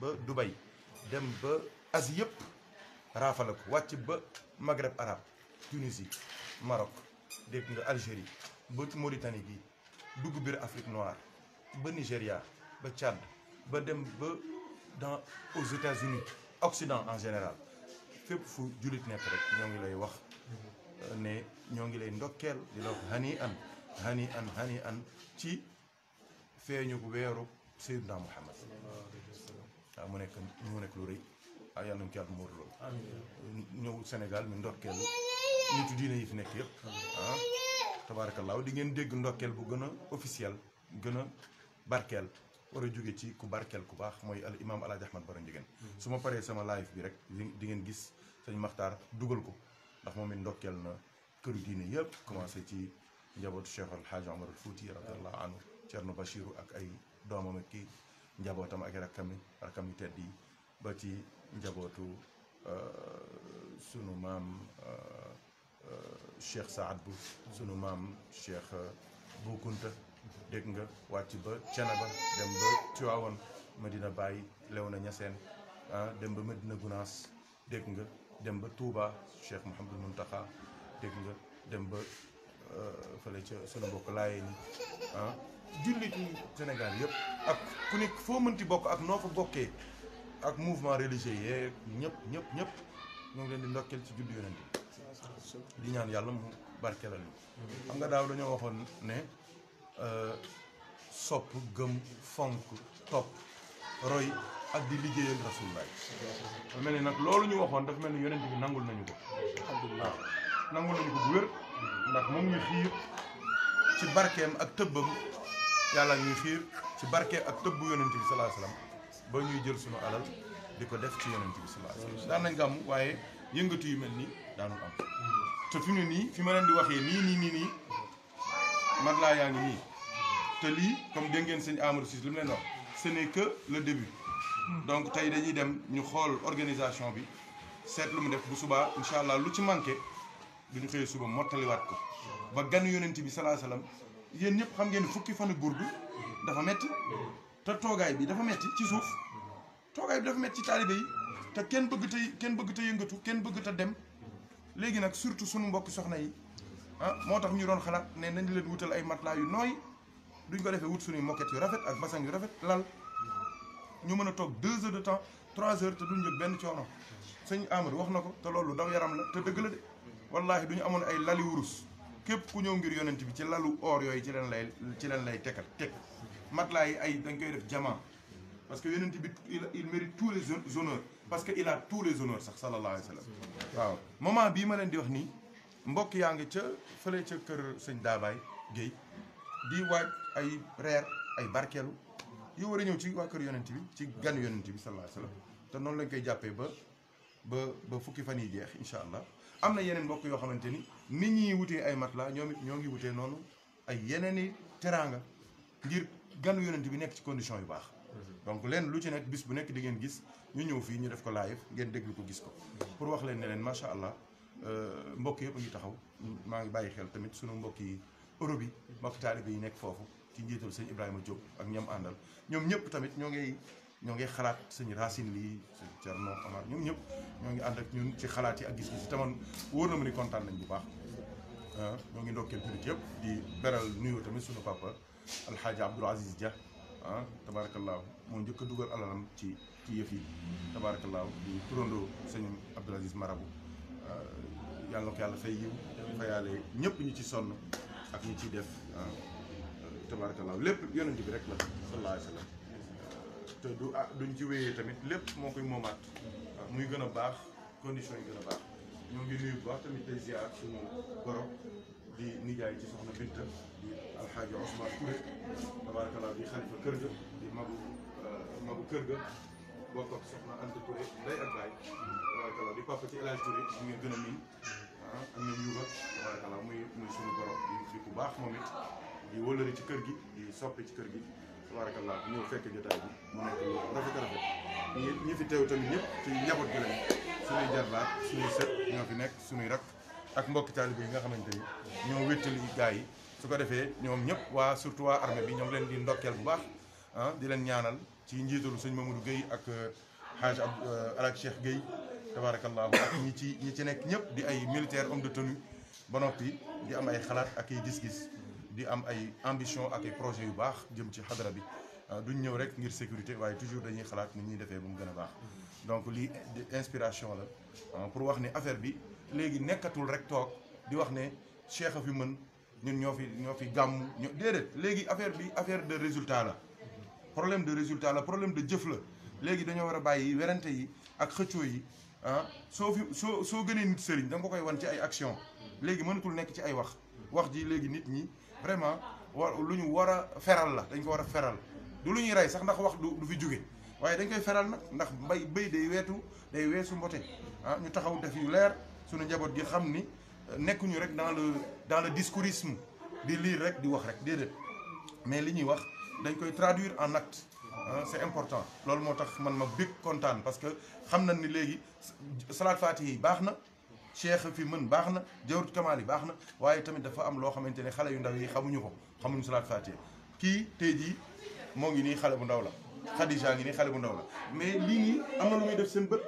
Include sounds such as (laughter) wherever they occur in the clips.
ba Dubai dem ba Asie yep raafala ko ba Maghreb Arab, Tunisie Maroc dégg nga Algérie ba Mauritanie bi dugg Noir, Afrique noire ba nigeria ba Tchad ba dem ba dans aux États-Unis Occident en général fep fu julit nek rek ñoo ngi lay wax euh, ne ñoo lay di la hani an hani an hani an ci ko wéru sayyidna Muhammad waaw ah, mu nekk mu nekk lu rëy waaw ah, yàlla nañu ci yàlla muur loolu. ñëw Sénégal mi ndokkeel nitu diine yi fi nekk yëpp. ah tabaarakallaaw di ngeen dégg ndokkeel bu gën a officiel gën a barkeel. war a jóge ci ku barkeel ku baax mooy al imaam El Hadj Ahmad Bara Ndiéguène mm-hmm. su ma paree sama live bi rek di ngeen gis sëñ Maxtaar dugal ko ndax moom it ndokkeel na këru diine yëpp commencé ci njabootu Cheikh Al Hadj Omar Al Fouti radiyallahu anhu Thierno Bachirou ak ay doomam ak kii. njabootam ak rakkam rakkam yu tedd yi ba ci njabootu euh, sunu maam euh, euh, Cheikh Saad bu sunu maam Cheikh bu Kounta dégg nga wàcc ba Thiénaba dem ba Tivaouane Medina Baye Léona Niassène ah dem ba Medina Gounass dégg nga dem ba Touba Cheikh Mouhamadul Mountakha dégg nga dem ba fële ca sunu mbokk laayee ni jullitu Sénégal yëpp ak ku nekk foo mënti bokk ak noo ko bokkee ak mouvement religieux yeeg ñëpp ñëpp ñëpp ñoo ngi leen di ndokkeel ci julli yonent bi di ñaan yàlla mu barkeelal ñu xam nga daaw dañoo waxoon ne euh, sopp gëm fonk topp roy ak di liggéeyal rasulullaay dafa mel ni nag loolu ñu waxoon dafa mel ni yonent bi nangul nañu ko alhamdulilah nangul nañu ko bu wér ndax moom ñu xiir ci barkeem ak tëbbam yàlla ñuy xiir ci barke ak tëbb yonent bi sallallahu alayhi wasallam ba ñuy jël sunu alal di ko def ci yonent bi sallallahu alayhi wasallam daan nañ gàmm waaye yëngatu yu mel nii daanul am te fi mu nii fi ma leen di waxee nii nii nii nii mat laa yaa ngi nii te lii comme dégg ngeen sëñ Amadou Cissé li mu leen wax ce n'est que le début donc tey dañuy dem ñu xool organisation bi seet lu mu def bu subaa incha allah lu ci manqué duñu xëyee suba mottaliwaat ko ba gan yonent bi sallallahu yéen ñëpp xam ngeen fukki fan ak gurdu dafa metti te toogaay bi dafa metti ci suuf toogaay bi dafa metti ci taalibe yi te kenn bëgg te kenn bëgg te yëngatu kenn bëgg te dem léegi nag surtout sunu mbokki soxna yi ah moo tax ñu doon xalaat ne nañ leen wutal ay matelas yu nooy duñ ko defee wut suñuy moquette yu rafet ak bassin yu rafet lal ñu mën a toog deux heures de temps trois heures te duñ jël benn coono sëñ Amar wax na ko te loolu daw yaram la te dëgg la de wallaahi du ñu amoon ay lali wurus képp ku ñëw ngir yonent bi ci lalu or yooyu ci leen lay ci leen lay tekkat teg matelas yi ay dañ koy def diamant parce que yonent bi il mérite tous les honneurs parce que il a tous les honneurs sax sallallahu alayhi waaw moment bii ma leen di wax nii mbokk yaa ngi ca fële ca kër sëñ Daabaay Guèye di waaj ay reer ay barkeelu yu war a ñëw ci waa kër yonent bi ci gan yonent bi sallallahu alayhi te noonu lañ koy jàppee ba ba ba fukki fan yi jeex incha allah am na yeneen mbokk yoo xamante ni nit ñi wutee ay matelas ñoom it ñoo ngi wutee noonu ay yeneen i teraanga ngir ganu yonent bi nekk ci condition yu baax donc leen lu ci nekk bis bu nekk di ngeen gis ñu ñëw fii ñu def ko live ngeen déglu ko gis ko pour wax leen ne leen macha allah euh, mbokk yëpp a ngi taxaw maa ngi bàyyi xel tamit sunu mbokk yi Europe yi mbokk taalibe yi nekk foofu ci njiitul seen Ibrahima Diop ak ñam àndal ñoom ñëpp tamit ñoo ngay ñongi xalaat sëñ Racine li sëñ Thierno Amar ñom ñep ñongi and ak ñun ci xalaati ak gis-gis yi taman wóor na ma ni contane nañ bu baax ah, ñoo ngi ndokkeel jurit yep di beral nuyu tamit suñu papa al alxaaji Abdoul Aziz Dia ah tabarakallah mo ñëk duggal alalam ci ci yef yi tabarakallah di turondo sëñ Abdoul Aziz Marabu euh ah, yalla ko yalla fay yiw fayaale ñep ñu ci sonu ak ñu ci def ah, tabarakallah lepp yonent bi rek la sallallahu alaihi wasallam te du a ah, duñ ci wéyee tamit lépp moo koy moomaat muy gën a baax condition yi gën a baax ñoo ngi nuyu bu baax tamit tey suñu borom di nijaay ci soxna Binta di alxaaji Ousmane Touré di xalifa kër ga di magu euh, magu kër ga bokk ak soxna Anta Touré day ak baay di papa ci El Hadj Touré gën a miin ah ak ñoom ñu muy muy suñu borom di di ku baax moom it di wëllëri ci kër gi di soppi ci kër gi. tabarakallah ñëw fekk jotaay bi mu nekk lu rafet rafet ñi ñi fi teew tamit ñëpp ci njaboot gi lañ suñuy jarbaat suñu sët ñoo fi nekk suñuy rak ak mbokki taalibe yi nga xamante ni ñoo wéttali gaa yi su ko defee ñoom ñëpp waa surtout waa armée bi ñoom leen di ndokkeel bu baax ah di leen ñaanal ci njiitalu sëñ Mamadou Guèye ak euh, Hadj Ab euh, Alak Cheikh Guèye tabarakallah ak ñi ci ñi ci nekk ñëpp di ay militaire homme de tenue ba noppi di am ay xalaat ak ay gis-gis di am ay ambition ak ay projet yu baax jëm ci xadara bi euh, duñ ñëw rek ngir sécurité waaye toujours dañuy xalaat ni ñuy defee bu mu gën a baax donc li inspiration la euh, pour wax ni affaire bi léegi nekkatul rek toog di wax ne cheikh a fi mën ñun ñoo fi ñoo fi gàmm ñoo déedéet léegi affaire bi affaire de résultat la problème de résultat la problème de jëf la léegi dañoo war a bàyyi werante yi ak xëccoo yi ah soo fi soo soo gënee nit sëriñ da nga ko koy wan ci ay action léegi mënatul nekk ci ay wax wax ji léegi nit ñi vraiment war lu ñu war a feral la dañ ko war a feral du lu ñuy rey sax ndax wax du du fi jóge waaye dañ koy feral nag ndax mbay béy day weetu day weesu mbote ah ñu taxaw def yu leer suñu njaboot gi xam ni euh, nekkuñu rek dans le dans le discourisme di lii rek di wax rek déedéet mais li ñuy wax dañ koy traduir en acte ah c'est important loolu moo tax man ma bég kontaan parce que xam na ni léegi salaat faati yi baax na شيخ في من باخنا جورج كمالي باخنا واي تامي دا فا ام لو خامتيني خالا يو نداوي خامونو كو خامونو صلاه فاتيه كي تيجي موغي ني خالا بو نداولا خديجه غي ني خالا بو مي لي اما لو مي ديف سيم بل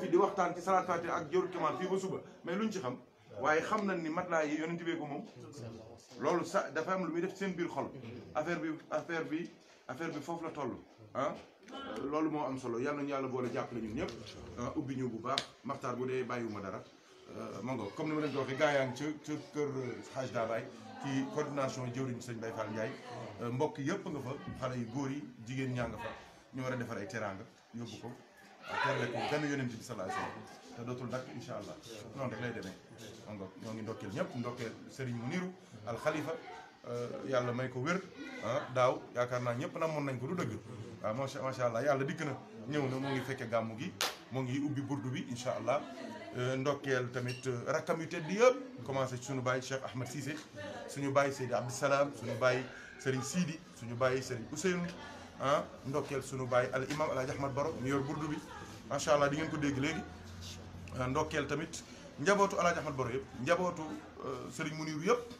في دي وقتان تي صلاه فاتيه اك جورج كمال في بسوبا مي لونجي خام واي خامنا ني ماتلا يي يونتي بيكو لولو سا دا ام لو مي ديف سيم بير بي افير بي افير بي فوف لا loolu moo am solo yàlla nañu yàlla boole jàppale ñun ñëpp ubbi ñu bu baax maxtaar bu dee bàyyiwuma dara euh, mango comme ni ma leen ko waxee gaa yaa ngi ca ca kër euh, Hadj Dabaye ci coordination jëwriñ sëñ Baye Fall Ndiaye euh, mbokk yëpp nga fa xale yu góor yi jigéen ñaa nga fa ñu war a defar ay teraanga yóbbu ko terle ko benn yonent bi sallallahu alayhi wasallam te dootul dakk incha allah noonu rek lay demee mango ñoo ngi ndokkeel ñëpp ndokkeel Serigne Mounirou al Khalifa Euh, yàlla may ko wér ah, daaw yaakaar naa ñëpp moon nañ ko du dëgg waaw ah, macha allah yàlla dikk na ñëw na moo ngi fekke gàmmu gi moo ngi ubbi burdu bi incha allah euh, ndokkeel tamit euh, rakkam yu tedd yëpp commencé suñu bàyyi Cheikh Ahmed Cissé suñu bàyyi Seydi Abdou Salaam suñu bàyyi Serigne Sidi suñu bàyyi Serigne Ousseynou ah ndokkeel suñu bàyyi al imam Alaaji Ahmad Baro mu yor burdu bi macha allah di ngeen ko dégg léegi ndokkeel tamit njabootu Alaaji Ahmad Baro yëpp njabootu Serigne Muniru yëpp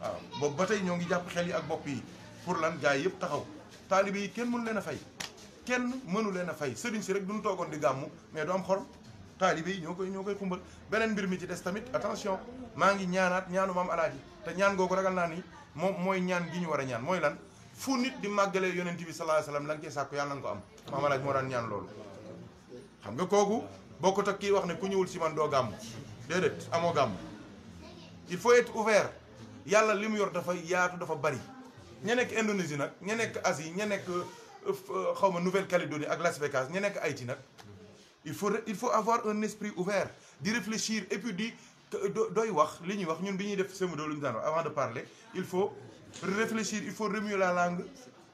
waaw boobu ba tey ñoo ngi jàpp xel yi ak bopp yi pour lan gars yi yëpp taxaw taalibe yi kenn mënu leen a fay kenn mënu leen a fay sëriñ si rek nu toogoon di gàmmu mais du am xorom taalibe yi ñoo koy ñoo koy xumbal beneen mbir mi ci des tamit attention maa ngi ñaanaat ñaanu maam alaaji te ñaan googu ragal naa ni moom mooy ñaan gi ñu war a ñaan mooy lan fu nit di màggalee yonent bi sallallahu alayhi wasallam lan cee sàkku yàlla nga ko am maam alaaji moo daan ñaan loolu xam nga kooku bokkut ak kii wax ne ku ñëwul si man doo gàmm amoo gàmm il faut yalla y yor dafa yaatu dafa bari ña nek Indonésie nak ña Asie ña nek euh, euh, Nouvelle-Calédonie ak Las Vegas ña il faut il faut avoir un esprit ouvert di réfléchir et puis di doy wax li ñuy wax ñun biñuy avant de parler il faut réfléchir il faut remuer la langue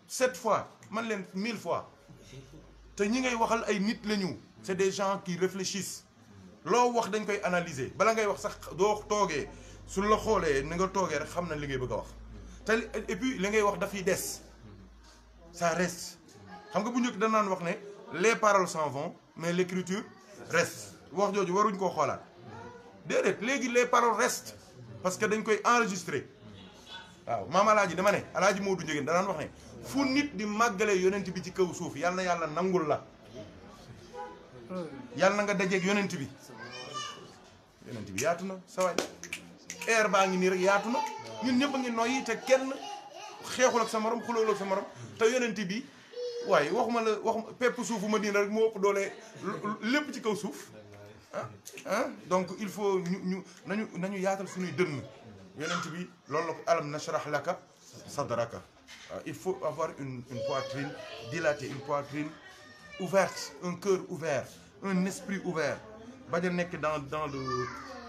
sept fois man mille fois te ñi ngay waxal ay nit c'est des gens qui réfléchissent wax dañ analyser bala ngay wax sax suñ la xoolee ni nga toogee rek xam na li bëgg wax te et puis li ngay wax dafay des ça reste xam nga bu njëkk danaan wax ne les paroles s'en vont mais l'écriture reste wax jooju waruñ koo xoolaat déedéet léegi les paroles restent parce que dañ koy enregistré waaw maam alaaji dama ne alaaji Moodu Njëgéen danaan wax ne fu nit di magalé yonent bi ci keu souf yalla yalla nangul la yalla na nga dajeeg yonent bi yonent bi yatuna saway air baa ngi nii rek yaatu na ñun ñëpp a ngi noyyi te kenn xeexul ak sa morom xulool ak sa morom yonent bi waaye waxuma la wax pepp suufu Madina rek moo ëpp doole lépp ci kaw suuf ah, ah donc il faut ñu ñu nañu nañu yaatal suñuy dënn yonent bi loolu la alam nashrah laka sadraka ah, il faut avoir une une poitrine dilatée une poitrine ouverte un cœur ouvert un esprit ouvert bañ a nekk dans dans le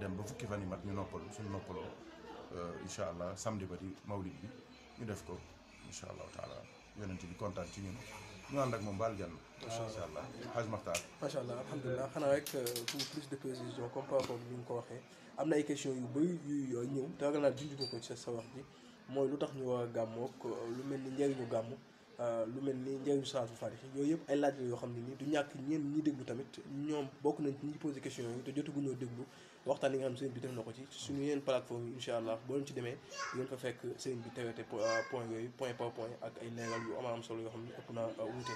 dem ba fukki fan yi mat ñu noppalu suñu noppaloo euh, incha allah samedi ba di mawlid bi ñu def ko incha allahu taala yonent bi kontaan ci ñun ñu ànd ak moom baal jànn. incha allah Haj Maxtaar. macha allah alhamdulilah xanaa rek euh, pour plus de précision comme par rapport ni nga ko waxee am na ay questions yu bëri yu ñëw te ragal naa junj ko ci sa wax ji mooy lu tax ñu war a gàmmoog euh, lu mel ni njëriñu gàmm lu mel ni njëriñu salaatu faatiha yooyu yëpp ay laaj la yoo xam ne nii du ñàkk ñeen ñi déglu tamit ñoom bokk nañ ci ñi posé question yooyu te jotaguñoo déglu. waxtaan yi nga xam sëriñ bi def na ko ci suñu yeneen plateforme yi incha allah boo leen ci demee ngeen fa fekk sëriñ bi teweete ah, point yooyu point par point ak ay leeral yu ama am solo yoo xam ne ëpp na ah, wuute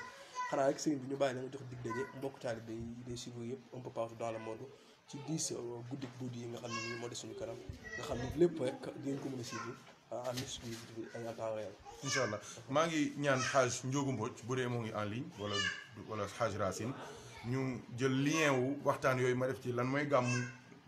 xanaa rek sëriñ bi ñu bàyyi la nga jox dig daje mbokk taalibe yi des suivre yëpp un peu partout dans le monde ci dix euh, guddik guddi yi nga xam ne nii moo des suñu kanam nga xam ne lépp rek dinañ ko mën a suivre ah, en exclusivité en temps réel incha allah maa ngi ñaan xaaj Njóogu Mbodj bu dee moo ngi en ligne wala wala xaaj Racine ñu jël lien wu waxtaan yooyu ma def ci lan mooy gàmmu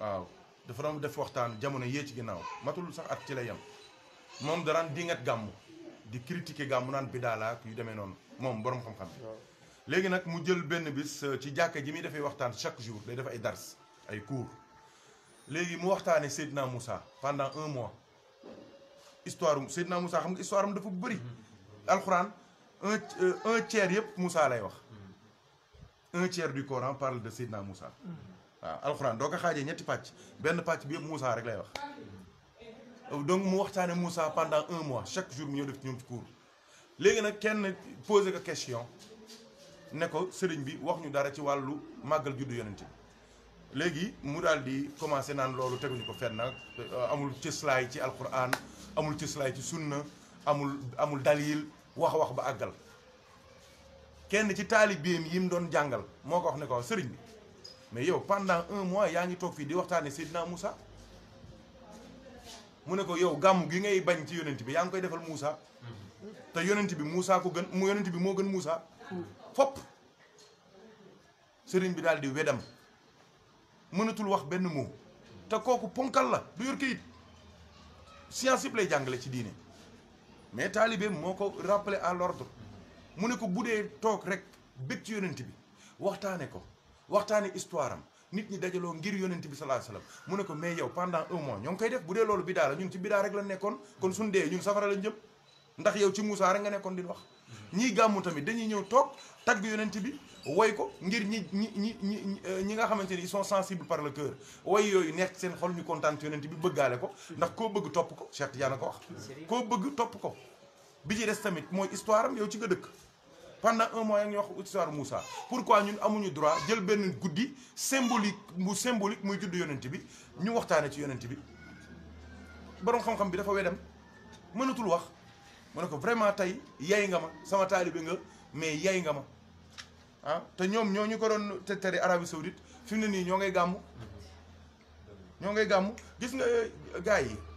waaw dafa doon def waxtaan jamono yee ci ginnaaw matul sax at ci lay yem moom di ngat gàmmu di critiquer gàmmu naan bidaala ak yu demee noonu moom borom xam-xam léegi nag mu jël benn bis euh, ci jàkka ji muy defee waxtaan chaque jour day def ay dars ay cours léegi mu waxtaanee Seydina Moussa pendant un mois histoire Seydina Moussa xam nga histoire am dafa bëri mm-hmm. alxuraan un euh, un tiers yëpp Moussa lay wax mm-hmm. un tiers du Coran parle de Seydina Moussa mm-hmm. waaw alxuraan doo ko xaajee ñetti pàcc benn pàcc bi yëpp Moussa rek lay wax donc mu waxtaane Moussa pendant un mois chaque jour mu ñëw def ci ñoom ci cours léegi nag kenn posé ko question ne ko sëriñ bi wax ñu dara ci wàllu màggal juddu yonent bi léegi mu daal di commencé naan loolu teguñu ko fenn nag amul cëslaay ci alxuraan amul cëslaay ci sunna amul amul dalil wax wax ba àggal kenn ci taalibeem yi mu doon jàngal moo ko wax ne ko sëriñ bi mais yow pendant un mois yaa ngi toog fii di waxtaane Seydina Moussa mu ne ko yow gàmm gi ngay bañ ci yonent bi yaa ngi koy defal Moussa mm-hmm. te yonent bi Moussa ko gën mu yonent bi moo gën Moussa fopp sëriñ bi daal di wedam mënatul wax benn mot te kooku ponkal la du yor kayit science yëpp lay jàngale ci diine mais taalibe moo ko rappelé à l'ordre mu ne ko bu dee toog rek bëgg ci yonent bi waxtaane ko waxtaani histoire am nit ñi dajaloo ngir yonent bi sallallahu alayhi wasallam mu ne ko mais yow pendant un mois ñoo ngi koy def bu dee loolu bidaa la ñun ci bidaa rek la nekkoon kon suñ dee ñun safara lañ jëm ndax yow ci Moussa rek nga nekkoon di wax ñiy gàmmu tamit dañuy ñëw toog tagg yonent bi woy ko ngir ñi ñi ñi ñi ñi nga xamante ni ils sont sensibles par le cœur woy yooyu nekk seen xol ñu kontaan yonent bi bëggaale ko ndax koo bëgg topp ko Cheikh Tidiane ko wax koo bëgg topp ko bi ci des tamit mooy histoire yow ci nga dëkk pendant un mois ñu wax histoire Moussa pourquoi ñun amuñu droit jël benn goudi symbolique mu symbolique muy judd yonent bi ñu waxtane ci yonent bi borom xam-xam bi dafa wedam mënatul wax mu ko vraiment tay yay nga ma sama talibé nga mais yay nga ma ah te ñom ñoñu ko don te tere Arabie Saoudite fimné ni ne nii ñoo ngay gàmm ñoo ngay gàmm gis nga eh, gaay yi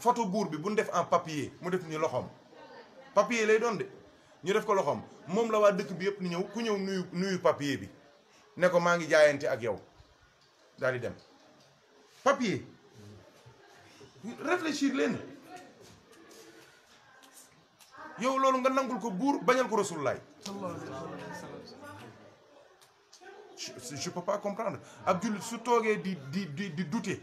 photo bour bi en papier def papier lay de ñu def ko la bi ni ku nuyu papier bi ne ko ak yow dem papier réfléchir leen yow lolu nga nangul ko bour bañal ko je peux pas comprendre Abdul, su di di di douter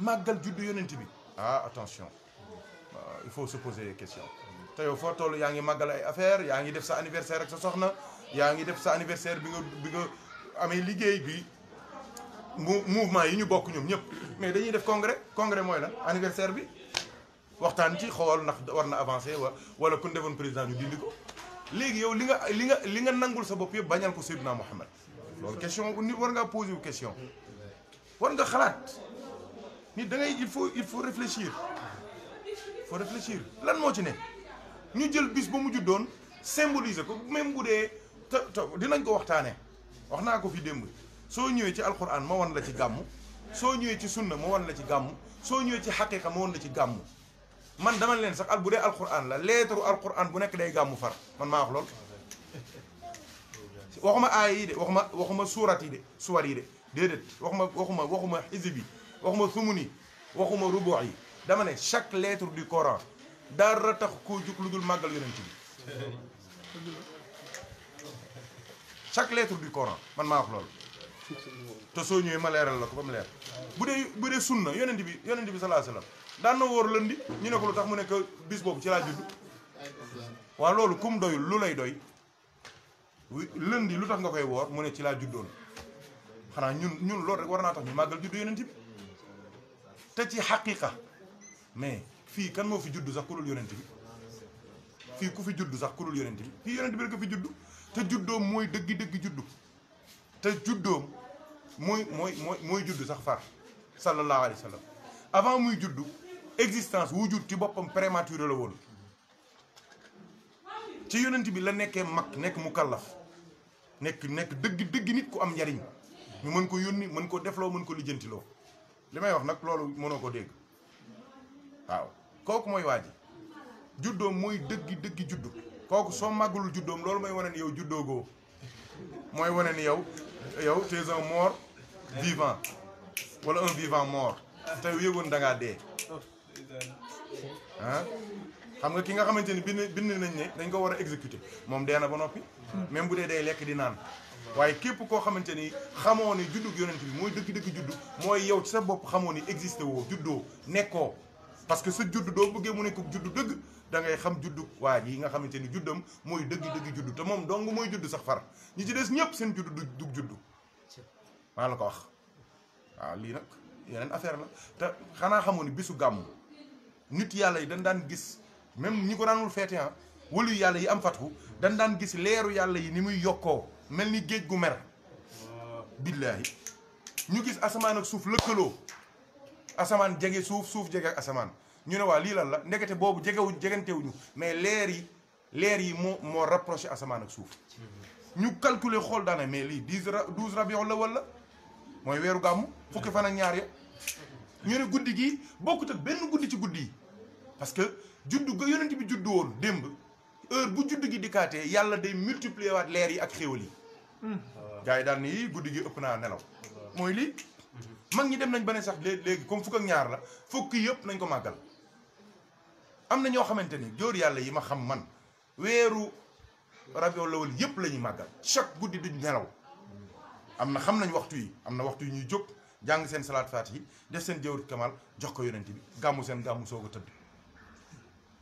magal juddu yonent bi ah attention ah, il faut se poser des questions te fo foo yaangi magal ay affaire yaangi def sa anniversaire ak sa soxna yaangi def sa anniversaire bi nga bi nga amee liggéey bi mouvement yi ñu bokk ñoom ñëpp mais dañuy def congrès congrès moy lan anniversaire bi waxtaan ci xool nak war na avancer wa wala ku defoon président ñu dindiko légui yow li nga li nga li nga nangul sa bop yëpp bañal ko Seydina mohammed loolu question nit war nga poser question war nga xalat nit da ngay il faut il faut réfléchir il faut réfléchir lan moo ci ne ñu jël bis ba mu juddoon symboliser ko même bu dee te te dinañ ko waxtaanee wax naa ko fi démb soo ñëwee ci alxuraan ma wan la ci gàmm soo ñëwee ci sunna ma wan la ci gàmm soo ñëwee ci xaqiqa ma wan la ci gàmm man demal leen sax al bu dee alxuraan la leetaru alxuraan bu nekk day gàmmu far man maa wax lool. waxuma aay yi de waxuma waxuma suurat yi de suwar yi de déedéet waxuma waxuma waxuma xisib yi waxuma sumuni waxuma rubox yi dama ne chaque lettre du Coran dara tax koo jug lu dul màggal yonent bi chaque lettre du Coran man maa wax loolu te soo ñëwee ma leeral la ko ba mu leer bu dee bu dee sunna yonent bi yonent bi sallallahu alayhi wasallam daan na wóor lëndi ñu ne ko lu tax mu nekk bis boobu ci laa judd waaw loolu kum doyul lu lay doy lëndi lu tax nga koy woor mu ne ci laa juddoon xanaa ñun ñun loolu rek war naa tax ñu màggal juddu yonent bi te ci haqiqa mais fi kan mo fi judd sax kulul yonent bi fi ku fi judd sax ku yonent bi fi yonent bi rek fi judd te juddo moy deug deug judd te juddo moy moy moy moy judd sax far sallallahu alaihi wasallam avant muy judd existence wujud ci bopam prématuré la won ci yonent bi la nekké mak nek mukallaf nek nek deug deug nit ku am ñariñ ñu mën ko yoni mën ko deflo mën ko li may wax nag loolu mënoo ko dégg waaw kooku mooy waa ji juddoom mooy dëggi dëggi juddu kooku soo màggul juddoom loolu mooy wane ni yow juddoo goo mooy wane ni yow yow t'es un mort vivant wala un vivant mort te yëgoon da ngaa dee ah xam nga ki nga xamante ni bind bind nañ ne dañ ko war a exécuter moom dee na ba noppi même bu dee day lekk di naan waaye képp koo xamante ni xamoo ne juddug yonent bi mooy dëkk-dëkk judd mooy yow sa bopp xamoo ni existé woo juddoo nekkoo parce que sa judd doo bëggee mu nekk juddu dëgg da ngay xam judd waa ji nga xamante ni juddam mooy dëgg-dëgg judd te moom dong mooy juddu sax far ñi ci des ñëpp seen judd du juddu maa la ko wax waaw lii nag yeneen affaire la te xanaa xamoo ni bisu gàmm nit yàlla yi dañ daan gis même ñi ko daanul feete ah walu yàlla yi am fatku dañ daan gis leeru yàlla yi ni muy yokkoo mel ni géej gu mer billaahi ñu gis asamaan ak suuf lëkkaloo asamaan jege suuf suuf jege ak asamaan ñu ne waa lii lan la ndekete boobu jegewuñ jegantewuñu mais leer yi leer yi moo moo rapproché asamaan ak suuf ñu calculer xool daana mais lii dix ra douze rabiul la wala mooy weeru gàmmu fukki fan ak ñaar ya ñu ne guddi gi bokkut ak benn guddi ci guddi yi parce que juddu ga yonent bi juddu woon démb heure bu juddu gi dikkaatee yàlla day multiplier waat leer yi ak xéwal yi Euh. gaay dal ni guddi gi ëpp naa nelaw moy li mag ñi dem nañ bané sax légui comme fuk ak ñaar la fuk yëpp nañ ko magal am ño xamanteni jor ni yi ma xam man wéru rabio lawul yëpp lañu magal chaque guddi duñ nelaw am xam nañ waxtu yi amna waxtu yi ñuy jóg jang sen salat fatih def sen jawrit kamal jox ko yonent bi gamu sen gamu sogo a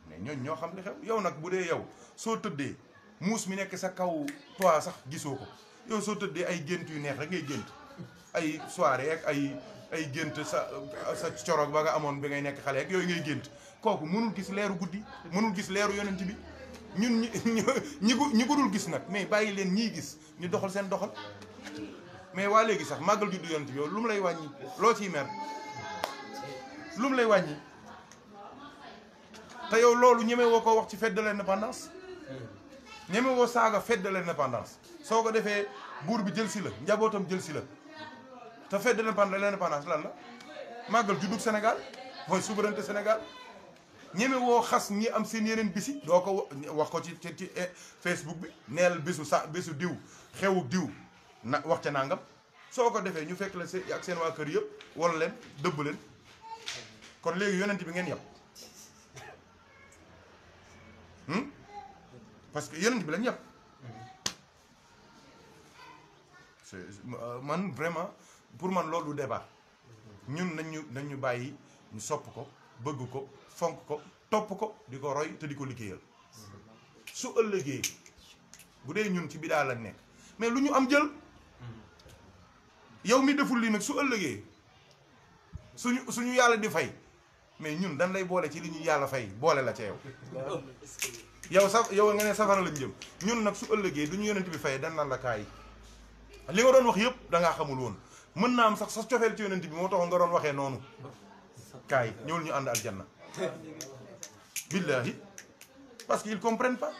mais ñoo ño xam li xew yow nak bu yow so mous mi nek sa kaw toa sax gisoko yow soo tëddee ay gént yu neex rek ngay gént ay soir ak ay ay gént sa sa coroog ba nga amoon bi ngay nekk xale ak yooyu ngay gént kooku mënul gis leeru guddi mënul gis leeru yonent bi ñun ñi ñi ko gis nag mais bàyyi leen ñiy gis ñu doxal seen doxal mais waa léegi sax màggal juddu yonent bi yow lu mu lay wàññi loo ciy mer lu mu lay wàññi te yow loolu ñeme woo ko wax ci fête de l'indépendance hmm. ñeme woo saaga fête de l'indépendance soko defé bour bi jël si la njabootam jël si la te fête de l'indépendance lan la màggal juddug Sénégal moy souveraineté Sénégal ñeme wo xass ñi am seen yeneen bisi doko wax ko ci ci eh, Facebook bi nel bisu sa bisu diw xewu diw na wax ci nangam soko defé ñu fekk la se ak seen wa kër yëpp wala len debbu len kon légui yonent bi ngeen hmm parce que yonent bi lañ yapp Euh, man vraiment pour man loolu débat ñun nañu ñu ñu bàyyi ñu sopp ko bëgg ko fonk ko topp ko di ko roy te di ko liggéeyal su ëllëgee bu dee ñun ci bidaa lañ nekk mais lu ñu am jël yow mi deful lii nag su ëllëgee suñu suñu yàlla di fay mais ñun dañ lay boole ci li ñu yàlla fay boole la ca yow (laughs) yow sa yow nga safara lañ jëm ñun nag su ëllëgee du ñu yonent bi fay dañ naan la kaay li nga doon wax yëpp da xamul woon mën naa am sax sa cofeel ci yonent bi moo taxoon nga doon waxee noonu kaay ñëwul ñu ànd aljanna billahi parce qu'ils comprennent pas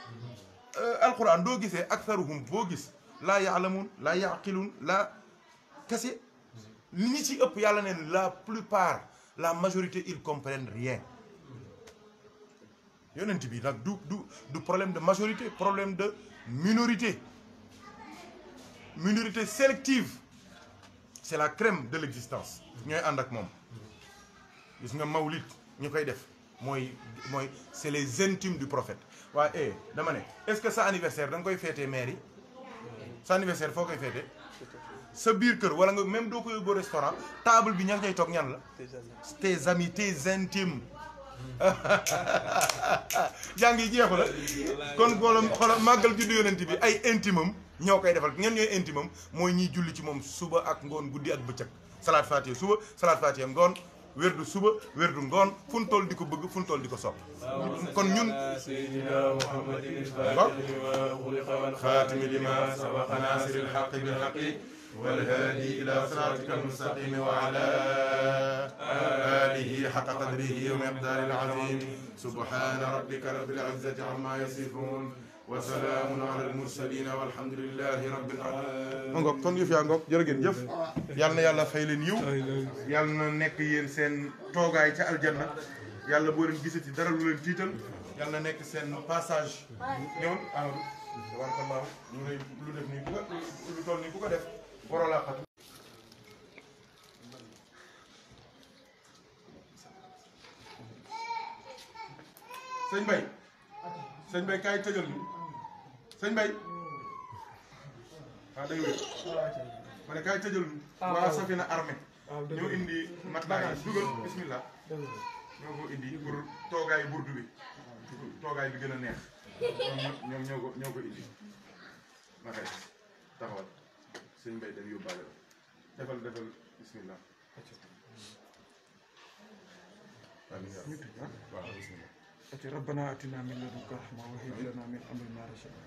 euh, alquran doo gisee aktharuhum boo gis laa yaalamuun laa yaqiluun laa kese li ñi ci ëpp yàlla neen la plupart la majorité ils comprennent rien yonent bi nag du du du problème de majorité problème de minorité minorité sélective c'est la crème de l'existence ñooy ànd ak moom gis nga moi, def c'est les intimes du prophète Ouais, hey, eh, dama est-ce que ça anniversaire Donc nga koy Mary. C'est sa anniversaire faut koy féetee Ce burger, kër wala même dans un yóbbu restaurant table bi ña ñay toog ñan tes amis intimes (laughs) jàng yi jeexu la kon goolam xoolal màggal juddu yonent bi ay intimam ñoo koy defal ngeen ñooy intimam mooy ñiy julli ci moom suba ak ngoon guddi ak bëccëg salaat faatiha suba salaat faatiha ngoon wérdu suba wérdu ngoon fu nu di ko bëgg fu nu di ko sopp kon ñun sayyidina muhammadin al-faatihi wa ughliqa wal xaatimi lima naasiril haqqi bil haqqi والهادي الى صراطك المستقيم وعلى اله حق قدره ومقدار العظيم سبحان ربك رب العزه عما يصفون وسلام على المرسلين والحمد لله رب العالمين نغوك كون يوف يانغوك جيرجن جيف يالنا يالا فايل نيو يالنا نيك يين سين توغاي تي الجنه بورن غيستي دارا لو لين تيتال يالنا نيك سين باساج نيون ا وان الله نوري لو ديف ني كوكا لو تول Boro laqatu sëñ Bay sëñ Bay kaay tëjal ñu sëñ Bay waaw ah, dëgg ma ne kaay ah, ah, bismillah ñoo ko indi pour toogaay burdu bi toogaay bi gën a neex ñoom ñoo ko indi ma kay taxawal sëñ Mbaye dem yóbbaale la defal defal ربنا اتنا من لدنك رحمه وهب لنا من امرنا رشدا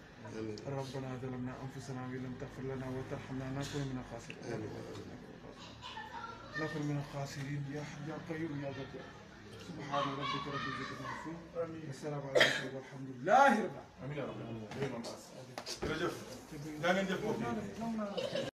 ربنا ظلمنا انفسنا وان لم تغفر لنا وترحمنا نكون من الخاسرين نكون من الخاسرين يا حي يا قيوم يا ذا سبحان ربك رب العزه عما يصفون السلام عليكم والحمد لله رب العالمين امين يا رب العالمين jërëjëf